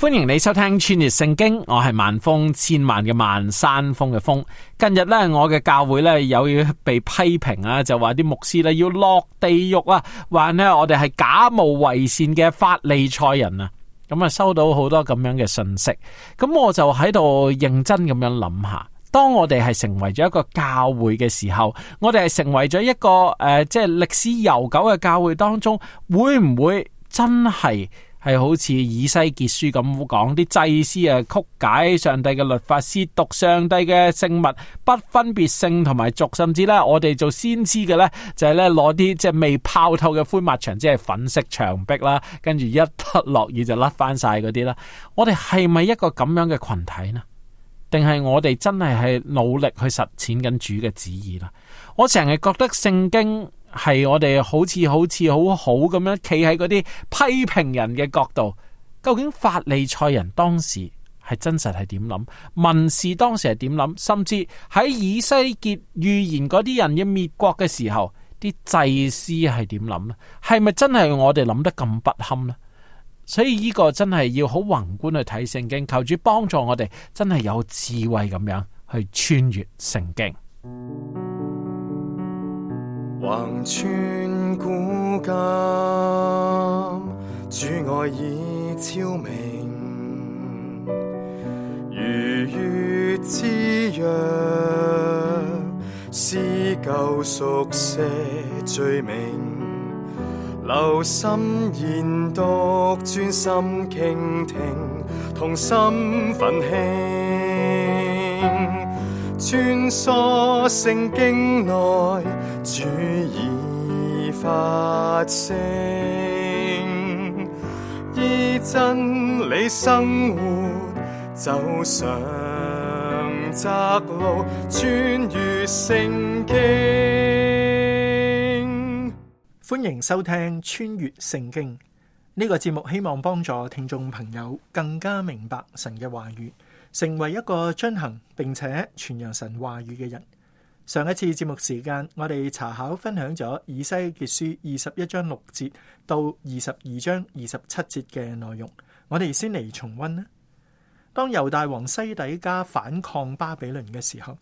歡迎你收聽穿越聖經，我係萬峰千萬嘅萬山峰嘅峰。近日咧，我嘅教會咧有要被批評啊，就話啲牧師咧要落地獄啊，話咧我哋係假冒偽善嘅法利賽人啊。咁啊，收到好多咁樣嘅信息，咁我就喺度認真咁樣諗下。當我哋係成為咗一個教會嘅時候，我哋係成為咗一個誒、呃，即係歷史悠久嘅教會當中，會唔會真係？係好似以西結書咁講，啲祭司啊，曲解上帝嘅律法，褻瀆上帝嘅聖物，不分別聖同埋俗，甚至呢我哋做先知嘅呢，就係呢攞啲即係未泡透嘅灰麥牆，即係粉色牆壁啦，跟住一粒落雨就甩翻晒嗰啲啦。我哋係咪一個咁樣嘅群體呢？定係我哋真係係努力去實踐緊主嘅旨意啦？我成日覺得聖經。係我哋好似好似好好咁樣企喺嗰啲批評人嘅角度，究竟法利賽人當時係真實係點諗？文士當時係點諗？甚至喺以西結預言嗰啲人要滅國嘅時候，啲祭司係點諗咧？係咪真係我哋諗得咁不堪咧？所以呢個真係要好宏觀去睇聖經，求主幫助我哋，真係有智慧咁樣去穿越聖經。橫穿古今，主愛已昭明。如月之約，思舊熟識最明。留心研讀，專心傾聽，同心奮興。穿梭聖經內，主已發聲，依真理生活，走上窄路，穿越聖經。歡迎收聽《穿越聖經》呢個節目，希望幫助聽眾朋友更加明白神嘅話語。成為一個遵行，並且傳揚神話語嘅人。上一次節目時間，我哋查考分享咗以西結書二十一章六節到二十二章二十七節嘅內容。我哋先嚟重溫啦。當猶大王西底加反抗巴比倫嘅時候，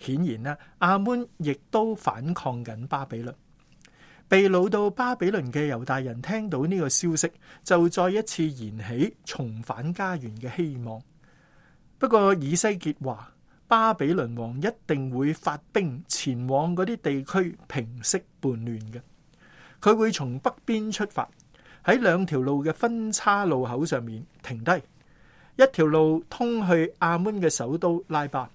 顯然呢，阿門亦都反抗緊巴比倫。被擄到巴比倫嘅猶大人聽到呢個消息，就再一次燃起重返家園嘅希望。不過以西結話，巴比倫王一定會發兵前往嗰啲地區平息叛亂嘅。佢會從北邊出發，喺兩條路嘅分岔路口上面停低。一條路通去亞捫嘅首都拉巴，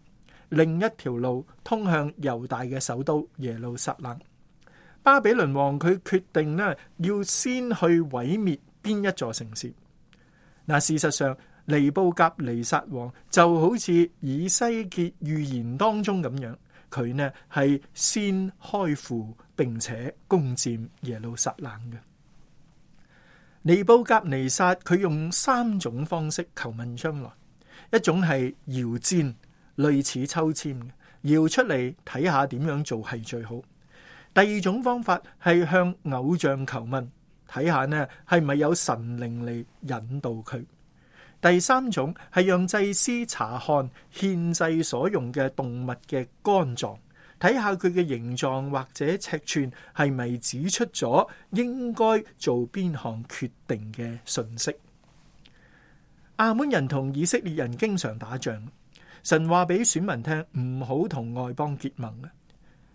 另一條路通向猶大嘅首都耶路撒冷。巴比倫王佢決定咧，要先去毀滅邊一座城市。嗱，事實上，尼布甲尼撒王就好似以西結預言當中咁樣，佢呢係先開赴，並且攻占耶路撒冷嘅。尼布甲尼撒佢用三種方式求問將來：一種係搖籤，類似抽籤，搖出嚟睇下點樣做係最好；第二種方法係向偶像求問，睇下呢係咪有神靈嚟引導佢。第三種係讓祭司查看獻祭所用嘅動物嘅肝臟，睇下佢嘅形狀或者尺寸係咪指出咗應該做邊項決定嘅信息。亞門人同以色列人經常打仗，神話俾選民聽唔好同外邦結盟。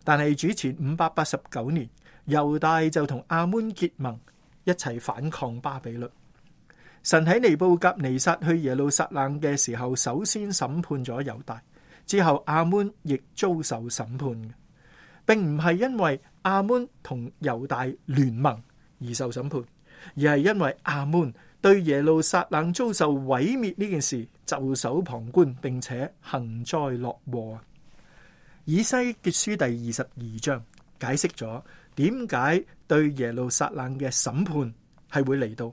但係主前五百八十九年，猶大就同亞門結盟，一齊反抗巴比倫。神喺尼布甲尼撒去耶路撒冷嘅時候，首先審判咗猶大，之後阿門亦遭受審判嘅，並唔係因為阿門同猶大聯盟而受審判，而係因為阿門對耶路撒冷遭受毀滅呢件事袖手旁觀，並且幸災樂禍。以西結書第二十二章解釋咗點解對耶路撒冷嘅審判係會嚟到。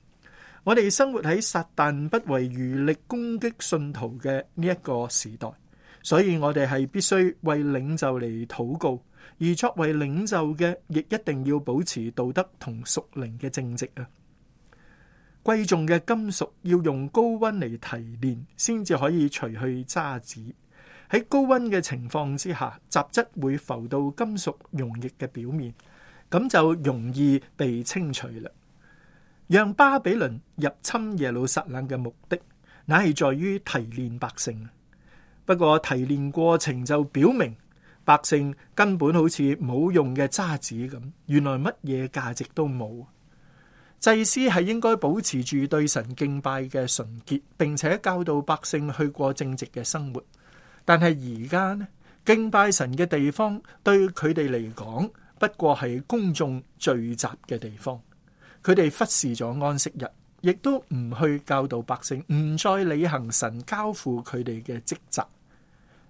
我哋生活喺撒旦不遺餘力攻擊信徒嘅呢一個時代，所以我哋係必須為領袖嚟禱告，而作為領袖嘅，亦一定要保持道德同屬靈嘅正直啊！貴重嘅金屬要用高溫嚟提煉，先至可以除去渣滓。喺高溫嘅情況之下，雜質會浮到金屬溶液嘅表面，咁就容易被清除啦。讓巴比倫入侵耶路撒冷嘅目的，乃係在於提煉百姓。不過提煉過程就表明，百姓根本好似冇用嘅渣子咁，原來乜嘢價值都冇。祭司係應該保持住對神敬拜嘅純潔，並且教導百姓去過正直嘅生活。但係而家呢，敬拜神嘅地方對佢哋嚟講，不過係公眾聚集嘅地方。佢哋忽視咗安息日，亦都唔去教導百姓，唔再履行神交付佢哋嘅職責。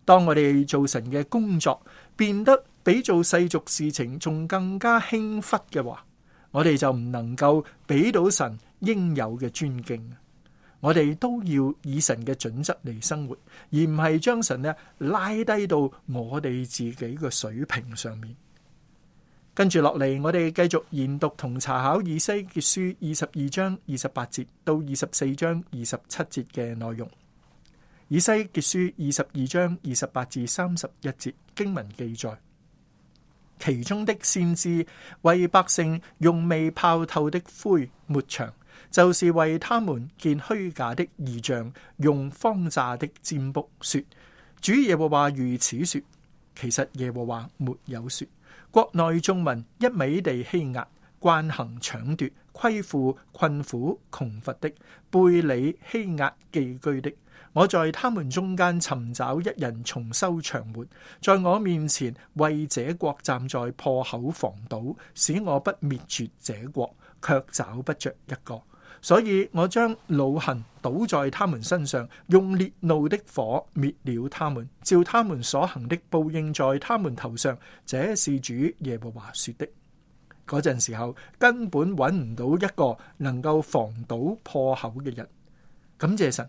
當我哋做神嘅工作變得比做世俗事情仲更加輕忽嘅話，我哋就唔能夠俾到神應有嘅尊敬。我哋都要以神嘅準則嚟生活，而唔係將神呢拉低到我哋自己嘅水平上面。跟住落嚟，我哋繼續研讀同查考以西結書二十二章二十八節到二十四章二十七節嘅內容。以西結書二十二章二十八至三十一節經文記載，其中的先知為百姓用未泡透的灰抹牆，就是為他們見虛假的異象，用謊詐的占卜說主耶和華如此說。其實耶和華沒有說。國內眾民一味地欺壓、慣行搶奪、虧負、困苦、窮乏的，背理欺壓寄居的，我在他們中間尋找一人重修牆垣，在我面前為這國站在破口防堵，使我不滅絕這國，卻找不着一個。所以我將惱恨倒在他們身上，用烈怒的火滅了他們，照他們所行的報應在他們頭上。這是主耶和華說的。嗰陣時候根本搵唔到一個能夠防堵破口嘅人。感謝神，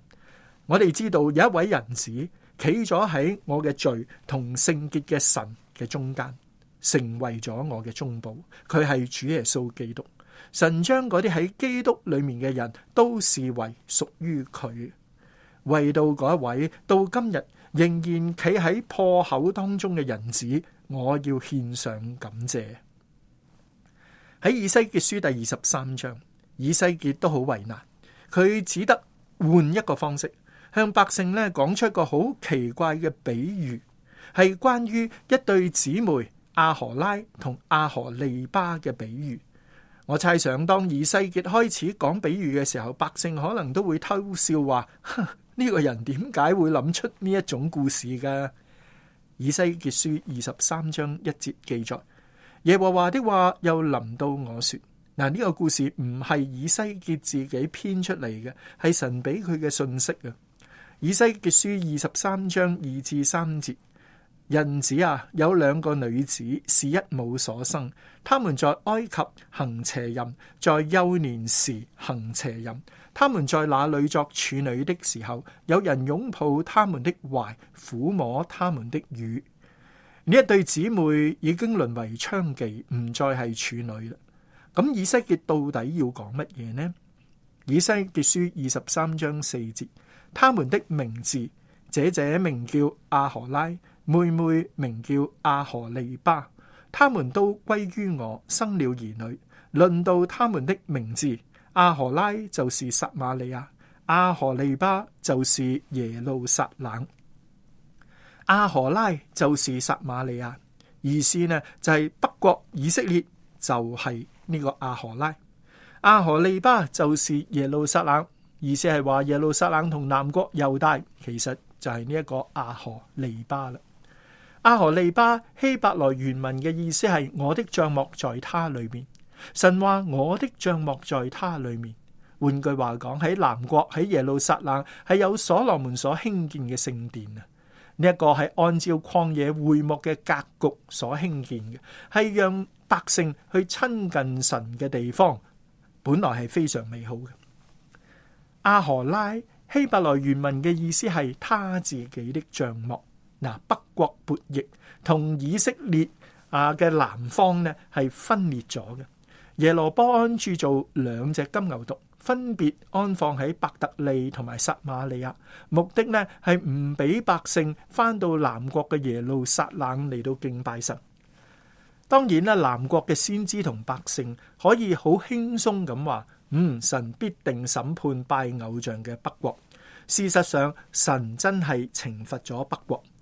我哋知道有一位人子企咗喺我嘅罪同聖潔嘅神嘅中間，成為咗我嘅中保。佢係主耶穌基督。神將嗰啲喺基督裏面嘅人都視為屬於佢，為到嗰一位到今日仍然企喺破口當中嘅人子，我要獻上感謝。喺以西結書第二十三章，以西結都好為難，佢只得換一個方式向百姓呢講出一個好奇怪嘅比喻，係關於一對姊妹阿荷拉同阿荷利巴嘅比喻。我猜想，當以西結開始講比喻嘅時候，百姓可能都會偷笑話，話呢個人點解會諗出呢一種故事噶？以西結書二十三章一節記載，耶和華的話又臨到我說嗱，呢個故事唔係以西結自己編出嚟嘅，係神俾佢嘅信息啊。以西結書二十三章二至三節。人子啊，有兩個女子是一母所生。他們在埃及行邪淫，在幼年時行邪淫。她們在那裏作處女的時候，有人擁抱她們的懷，撫摸她們的乳。呢一對姊妹已經淪為娼妓，唔再係處女了。咁以西結到底要講乜嘢呢？以西結書二十三章四節，他們的名字，姐姐名叫阿荷拉。妹妹名叫阿荷利巴，他們都歸於我，生了兒女。論到他們的名字，阿荷拉就是撒馬利亞，阿荷利巴就是耶路撒冷。阿荷拉就是撒馬利亞，意思呢就係北國以色列就係呢個阿荷拉，阿荷利巴就是耶路撒冷，意思係話耶路撒冷同南國猶大其實就係呢一個阿荷利巴啦。阿荷利巴希伯來原文嘅意思係我的帳幕在他裏面。神話，我的帳幕在他裏面。換句話講，喺南國，喺耶路撒冷係有所羅門所興建嘅聖殿啊！呢、這、一個係按照曠野會幕嘅格局所興建嘅，係讓百姓去親近神嘅地方，本來係非常美好嘅。阿荷拉希伯來原文嘅意思係他自己的帳幕。嗱，北國勃役同以色列啊嘅南方咧，係分裂咗嘅。耶羅波安鑄造兩隻金牛犢，分別安放喺伯特利同埋撒馬利亞，目的咧係唔俾百姓翻到南國嘅耶路撒冷嚟到敬拜神。當然啦，南國嘅先知同百姓可以好輕鬆咁話：嗯，神必定審判拜偶像嘅北國。事實上，神真係懲罰咗北國。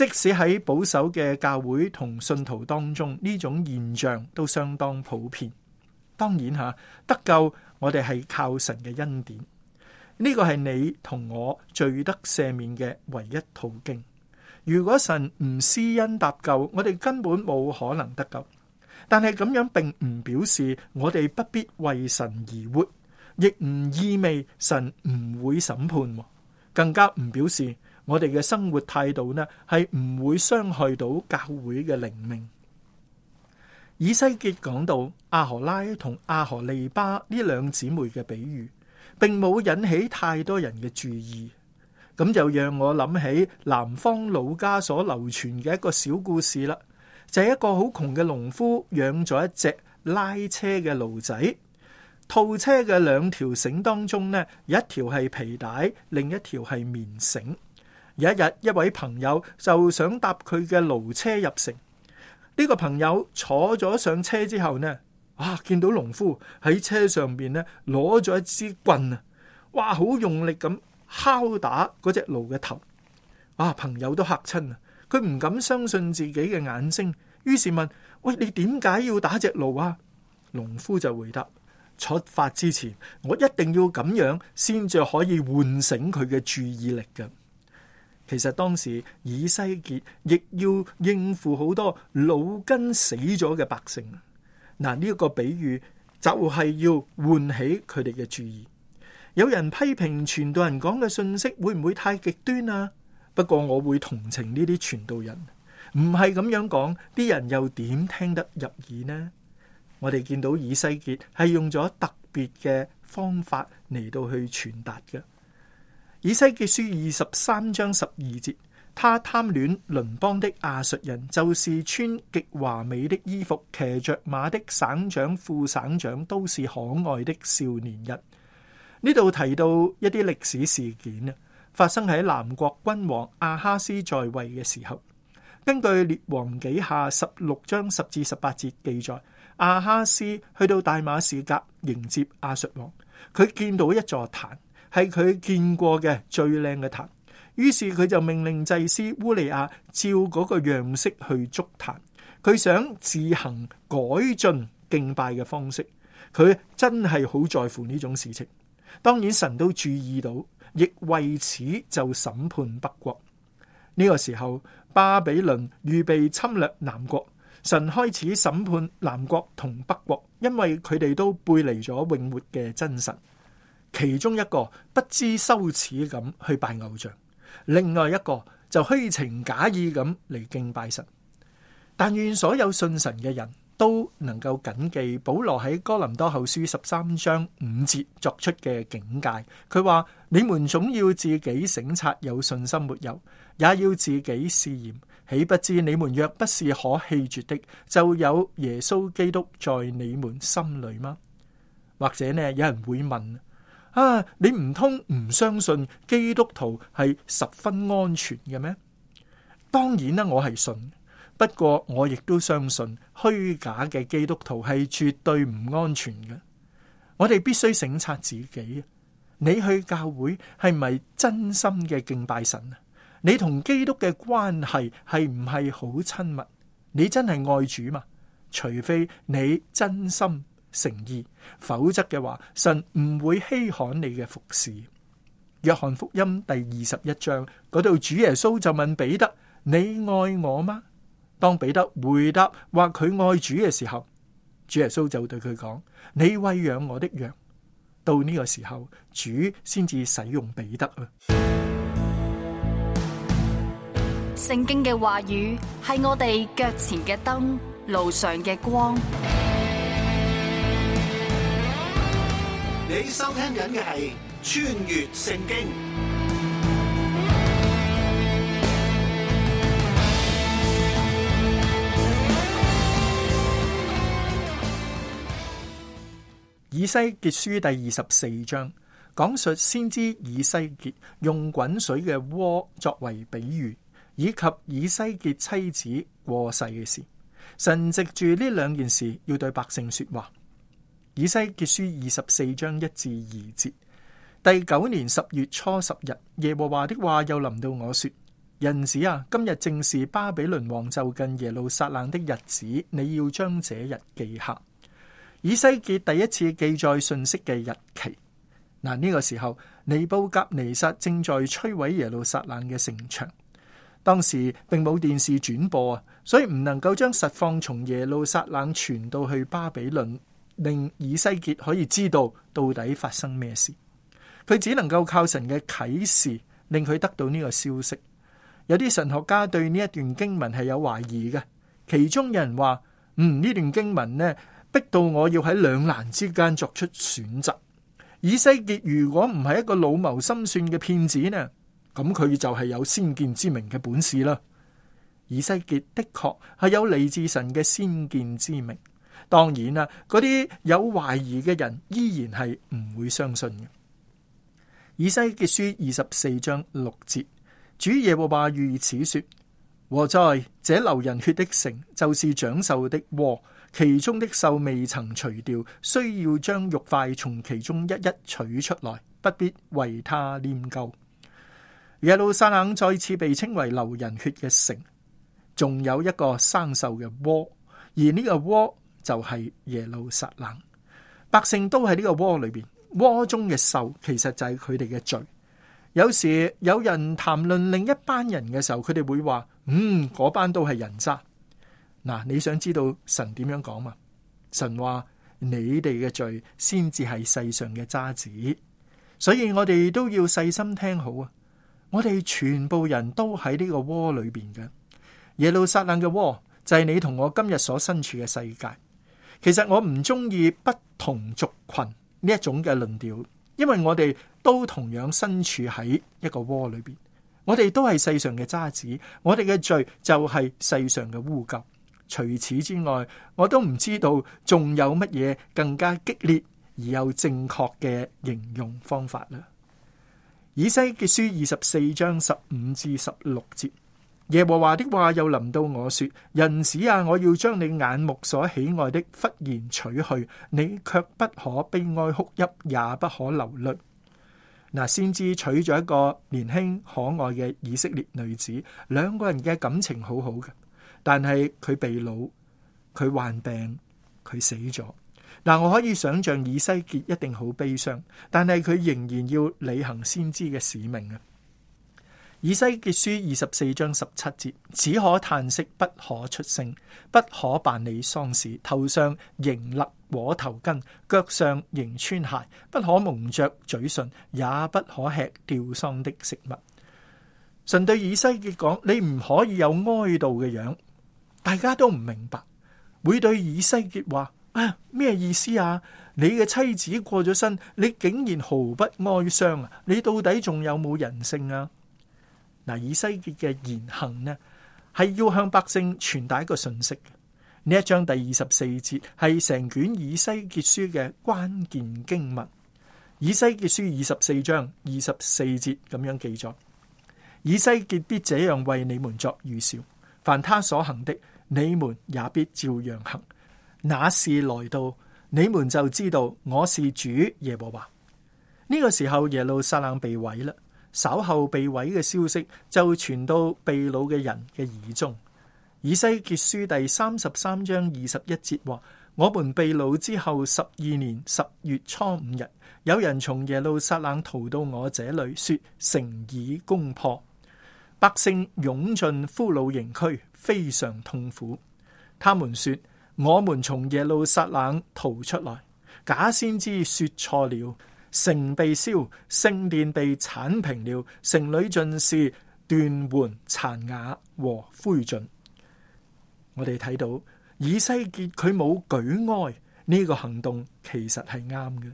即使喺保守嘅教會同信徒當中，呢種現象都相當普遍。當然，得救，我哋係靠神嘅恩典，呢個係你同我罪得赦免嘅唯一途徑。如果神唔施恩搭救，我哋根本冇可能得救。但係咁樣並唔表示我哋不必為神而活，亦唔意味神唔會審判，更加唔表示。我哋嘅生活態度呢，係唔會傷害到教會嘅靈命。以西結講到阿荷拉同阿荷利巴呢兩姊妹嘅比喻，並冇引起太多人嘅注意。咁就讓我諗起南方老家所流傳嘅一個小故事啦，就係，一個好窮嘅農夫養咗一隻拉車嘅驢仔，套車嘅兩條繩當中呢，一條係皮帶，另一條係棉繩。有一日，一位朋友就想搭佢嘅驢車入城。呢個朋友坐咗上車之後呢，啊見到農夫喺車上邊呢，攞咗一支棍啊，哇，好用力咁敲打嗰隻驢嘅頭。啊，朋友都嚇親啊，佢唔敢相信自己嘅眼睛，於是問：喂，你點解要打隻驢啊？農夫就回答：出發之前，我一定要咁樣先至可以喚醒佢嘅注意力嘅。其實當時以西結亦要應付好多老根死咗嘅百姓，嗱，呢一個比喻，就係要喚起佢哋嘅注意。有人批評傳道人講嘅信息會唔會太極端啊？不過我會同情呢啲傳道人，唔係咁樣講，啲人又點聽得入耳呢？我哋見到以西結係用咗特別嘅方法嚟到去傳達嘅。以西結書二十三章十二節，他貪戀鄰邦的亞述人，就是穿極華美的衣服、騎着馬的省長、副省長，都是可愛的少年人。呢度提到一啲歷史事件啊，發生喺南國君王亞哈斯在位嘅時候。根據列王紀下十六章十至十八節記載，亞哈斯去到大馬士革迎接亞述王，佢見到一座壇。係佢見過嘅最靚嘅壇，於是佢就命令祭司烏利亞照嗰個樣式去築壇。佢想自行改進敬拜嘅方式，佢真係好在乎呢種事情。當然神都注意到，亦為此就審判北國。呢、這個時候巴比倫預備侵略南國，神開始審判南國同北國，因為佢哋都背離咗永活嘅真神。其中一個不知羞恥咁去拜偶像，另外一個就虛情假意咁嚟敬拜神。但願所有信神嘅人都能夠謹記保羅喺哥林多後書十三章五節作出嘅警戒。佢話：你們總要自己省察有信心沒有，也要自己試驗。豈不知你們若不是可棄絕的，就有耶穌基督在你們心裏嗎？或者呢，有人會問：啊！你唔通唔相信基督徒係十分安全嘅咩？當然啦，我係信。不過我亦都相信虛假嘅基督徒係絕對唔安全嘅。我哋必須省察自己。你去教會係咪真心嘅敬拜神啊？你同基督嘅關係係唔係好親密？你真係愛主嘛？除非你真心。誠意，否則嘅話，神唔會稀罕你嘅服侍。約翰福音第二十一章嗰度，主耶穌就問彼得：你愛我嗎？當彼得回答話佢愛主嘅時候，主耶穌就對佢講：你餵養我的羊。到呢個時候，主先至使用彼得啊。聖經嘅話語係我哋腳前嘅燈，路上嘅光。你收聽緊嘅係《穿越聖經》。以西結書第二十四章講述先知以西結用滾水嘅鍋作為比喻，以及以西結妻子過世嘅事。神藉住呢兩件事，要對百姓說話。以西結書二十四章一至二節，第九年十月初十日，耶和華的話又臨到我說：人子啊，今日正是巴比倫王就近耶路撒冷的日子，你要將這日記下。以西結第一次記載訊息嘅日期，嗱，呢個時候尼布甲尼撒正在摧毀耶路撒冷嘅城牆。當時並冇電視轉播啊，所以唔能夠將實況從耶路撒冷傳到去巴比倫。令以西結可以知道到底發生咩事，佢只能夠靠神嘅啟示令佢得到呢個消息。有啲神學家對呢一段經文係有懷疑嘅，其中有人話：嗯，呢段經文呢，逼到我要喺兩難之間作出選擇。以西結如果唔係一個老謀深算嘅騙子呢，咁佢就係有先見之明嘅本事啦。以西結的確係有嚟自神嘅先見之明。當然啦，嗰啲有懷疑嘅人依然係唔會相信嘅。以西結書二十四章六節，主耶和華如此說：禍哉！這流人血的城，就是長銹的鍋，其中的銹未曾除掉，需要將肉塊從其中一一取出來，不必為它拈鬮。耶路撒冷再次被稱為流人血嘅城，仲有一個生銹嘅鍋，而呢個鍋。就係耶路撒冷，百姓都喺呢個窩裏邊，窩中嘅獸其實就係佢哋嘅罪。有時有人談論另一班人嘅時候，佢哋會話：嗯，嗰班都係人渣。嗱，你想知道神點樣講嘛？神話你哋嘅罪先至係世上嘅渣子，所以我哋都要細心聽好啊！我哋全部人都喺呢個窩裏邊嘅，耶路撒冷嘅窩就係你同我今日所身處嘅世界。其實我唔中意不同族群呢一種嘅論調，因為我哋都同樣身處喺一個窩裏邊，我哋都係世上嘅渣子，我哋嘅罪就係世上嘅污垢。除此之外，我都唔知道仲有乜嘢更加激烈而又正確嘅形容方法啦。以西結書二十四章十五至十六節。耶和華的話又臨到我說：人子啊，我要將你眼目所喜愛的忽然取去，你卻不可悲哀哭泣，也不可流淚。嗱，先知娶咗一個年輕可愛嘅以色列女子，兩個人嘅感情好好嘅。但係佢被老，佢患病，佢死咗。嗱，我可以想象以西結一定好悲傷，但係佢仍然要履行先知嘅使命啊！以西結書二十四章十七節，只可嘆息，不可出聲，不可辦理喪事。頭上仍勒裹頭巾，腳上仍穿鞋，不可蒙着嘴唇，也不可吃吊喪的食物。神對以西結講：你唔可以有哀悼嘅樣。大家都唔明白，會對以西結話：啊、哎，咩意思啊？你嘅妻子過咗身，你竟然毫不哀傷啊？你到底仲有冇人性啊？嗱，以西結嘅言行呢，係要向百姓傳達一個信息嘅。呢一章第二十四節係成卷以西結書嘅關鍵經文。以西結書二十四章二十四節咁樣記載：以西結必這樣為你們作預兆，凡他所行的，你們也必照樣行。那時來到，你們就知道我是主耶和華。呢、這個時候，耶路撒冷被毀啦。稍後被毀嘅消息就傳到被擄嘅人嘅耳中。以西結書第三十三章二十一節話：我們被擄之後十二年十月初五日，有人從耶路撒冷逃到我這裏，說城已攻破，百姓湧進俘虜營區，非常痛苦。他們說：我們從耶路撒冷逃出來，假先知說錯了。城被燒，聖殿被鏟平了，城裏盡是斷垣殘瓦和灰燼。我哋睇到以西結佢冇舉哀，呢、這個行動其實係啱嘅。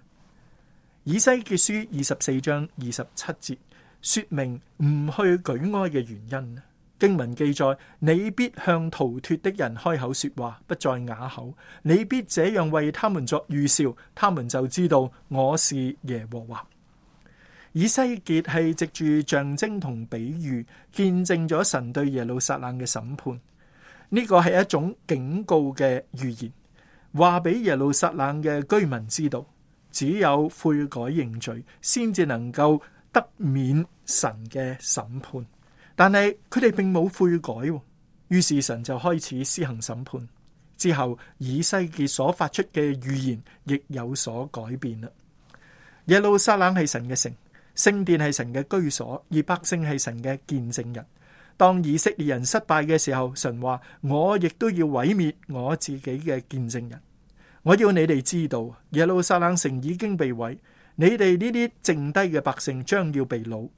以西結書二十四章二十七節，說明唔去舉哀嘅原因。經文記載，你必向逃脱的人開口說話，不再啞口。你必這樣為他們作預兆，他們就知道我是耶和華。以西結係藉住象徵同比喻見證咗神對耶路撒冷嘅審判。呢個係一種警告嘅預言，話俾耶路撒冷嘅居民知道，只有悔改認罪，先至能夠得免神嘅審判。但係佢哋並冇悔改，於是神就開始施行審判。之後，以西結所發出嘅預言亦有所改變啦。耶路撒冷係神嘅城，聖殿係神嘅居所，而百姓係神嘅見證人。當以色列人失敗嘅時候，神話我亦都要毀滅我自己嘅見證人。我要你哋知道，耶路撒冷城已經被毀，你哋呢啲剩低嘅百姓將要被擄。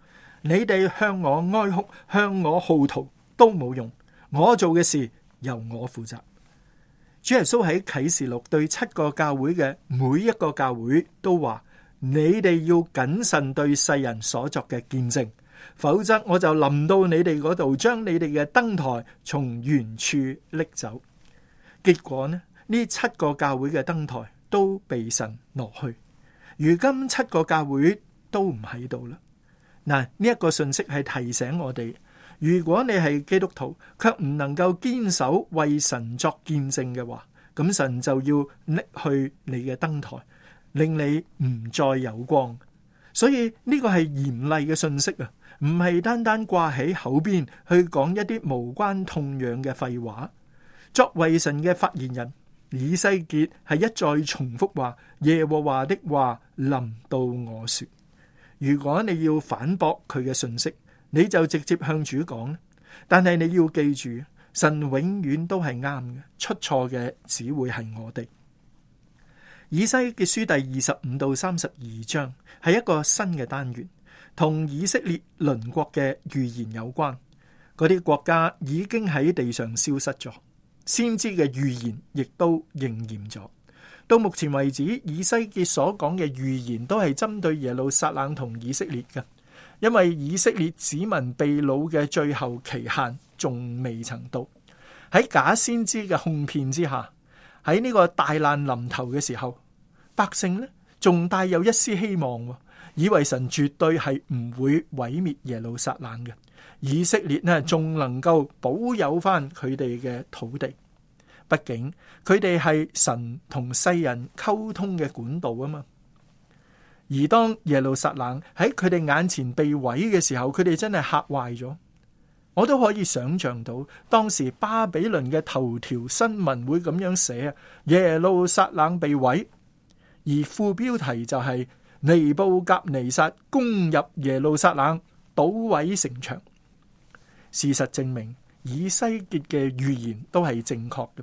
你哋向我哀哭，向我號啕都冇用。我做嘅事由我負責。主耶穌喺啟示錄對七個教會嘅每一個教會都話：「你哋要謹慎對世人所作嘅見證，否則我就臨到你哋嗰度，將你哋嘅燈台從原處拎走」。結果呢？呢七個教會嘅燈台都被神挪去。如今七個教會都唔喺度啦。嗱，呢一個信息係提醒我哋，如果你係基督徒，卻唔能夠堅守為神作見證嘅話，咁神就要搦去你嘅燈臺，令你唔再有光。所以呢個係嚴厲嘅信息啊，唔係單單掛喺口邊去講一啲無關痛癢嘅廢話。作為神嘅發言人，以西結係一再重複話：耶和華的話臨到我說。如果你要反駁佢嘅信息，你就直接向主講。但係你要記住，神永遠都係啱嘅，出錯嘅只會係我哋。以西結書第二十五到三十二章係一個新嘅單元，同以色列鄰國嘅預言有關。嗰啲國家已經喺地上消失咗，先知嘅預言亦都應驗咗。到目前為止,以西結所講嘅預言都係針對耶路撒冷同以色列嘅。因為以色列子民被擄嘅最後期限,仲未曾到。喺假先知嘅哄騙之下,喺呢個大難臨頭嘅時候,百姓呢仲帶有一絲希望,以為神絕對係唔會毀滅耶路撒冷嘅。以色列呢仲能夠保有返佢哋嘅土地。畢竟佢哋係神同世人溝通嘅管道啊嘛，而當耶路撒冷喺佢哋眼前被毀嘅時候，佢哋真係嚇壞咗。我都可以想象到當時巴比倫嘅頭條新聞會咁樣寫，耶路撒冷被毀，而副標題就係、是、尼布甲尼撒攻入耶路撒冷，倒毀城牆。事實證明，以西結嘅預言都係正確嘅。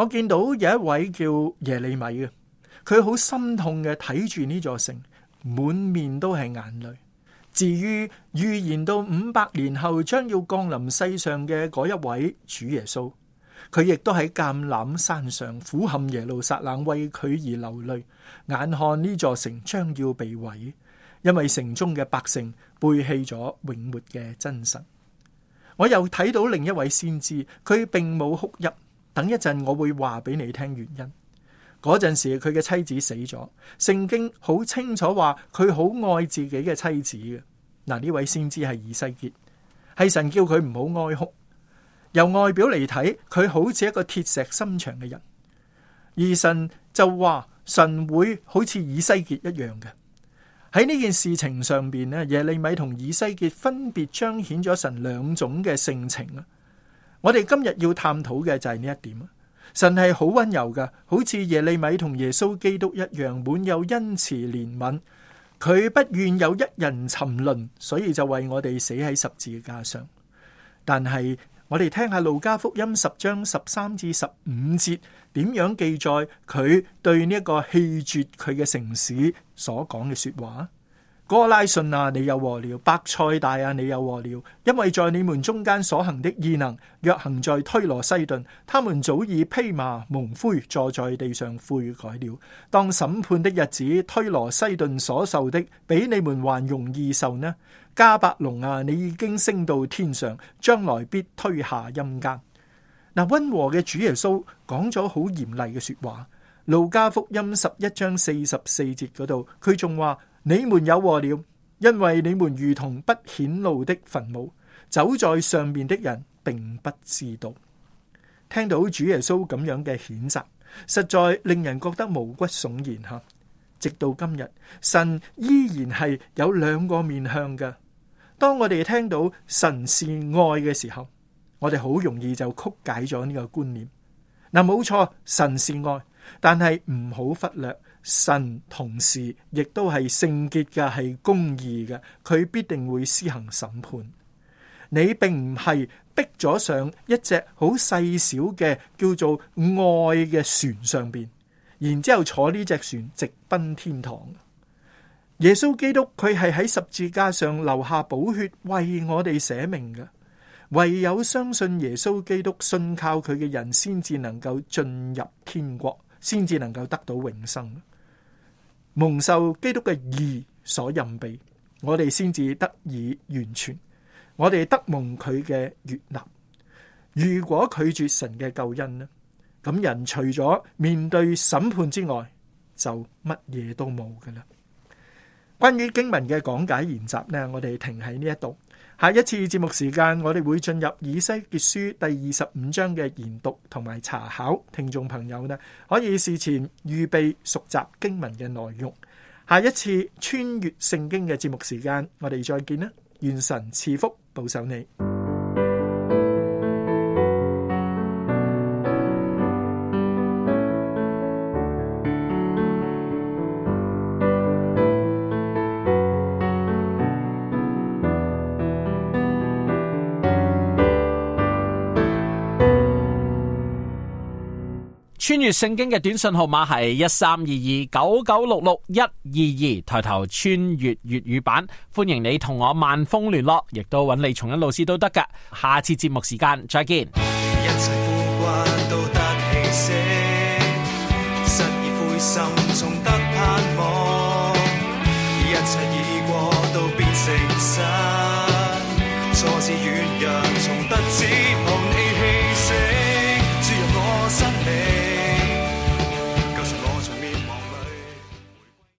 我見到有一位叫耶利米嘅，佢好心痛嘅睇住呢座城，滿面都係眼淚。至於預言到五百年後將要降臨世上嘅嗰一位主耶穌，佢亦都喺橄欖山上俯瞰耶路撒冷，為佢而流淚，眼看呢座城將要被毀，因為城中嘅百姓背棄咗永活嘅真神。我又睇到另一位先知，佢並冇哭泣。等一陣我會話俾你聽原因。嗰陣時佢嘅妻子死咗，聖經好清楚話佢好愛自己嘅妻子嘅。嗱，呢位先知係以西結，係神叫佢唔好哀哭。由外表嚟睇，佢好似一個鐵石心腸嘅人，而神就話神會好似以西結一樣嘅。喺呢件事情上邊咧，耶利米同以西結分別彰顯咗神兩種嘅性情啊。我哋今日要探討嘅就係呢一點，神係好溫柔㗎，好似耶利米同耶穌基督一樣，滿有恩慈憐憫。佢不願有一人沉淪，所以就為我哋死喺十字架上。但係我哋聽下路加福音十章十三至十五節，點樣記載佢對呢一個棄絕佢嘅城市所講嘅說的話。哥拉汛啊，你有禍了；伯賽大啊，你有禍了。因為在你們中間所行的異能，若行在推羅西頓，他們早已披麻蒙灰坐在地上悔改了。當審判的日子，推羅西頓所受的，比你們還容易受呢。迦百農啊，你已經升到天上，將來必推下陰間。嗱，溫和嘅主耶穌講咗好嚴厲嘅說話。路加福音十一章四十四節嗰度，佢仲話。你們有禍了，因為你們如同不顯露的墳墓，走在上面的人並不知道。聽到主耶穌咁樣嘅譴責，實在令人覺得毛骨悚然吓。直到今日，神依然係有兩個面向嘅。當我哋聽到神是愛嘅時候，我哋好容易就曲解咗呢個觀念。嗱，冇錯，神是愛，但係唔好忽略。神同時亦都係聖潔嘅，係公義嘅，佢必定會施行審判。你並唔係逼咗上一隻好細小嘅叫做愛嘅船上邊，然之後坐呢隻船直奔天堂。耶穌基督佢係喺十字架上留下寶血為我哋捨命嘅，唯有相信耶穌基督信靠佢嘅人，先至能夠進入天國，先至能夠得到永生。蒙受基督嘅義所任備，我哋先至得以完全。我哋得蒙佢嘅悅納。如果拒絕神嘅救恩呢？咁人除咗面對審判之外，就乜嘢都冇㗎喇。關於經文嘅講解研習呢，我哋停喺呢一度。下一次節目時間，我哋會進入以西結書第二十五章嘅研讀同埋查考，聽眾朋友呢，可以事前預備熟習經文嘅內容。下一次穿越聖經嘅節目時間，我哋再見啦！願神賜福，保守你。聖經嘅短信號碼係一三二二九九六六一二二，抬頭穿越粵語版，歡迎你同我萬峰聯絡，亦都揾李重恩老師都得噶，下次節目時間再見。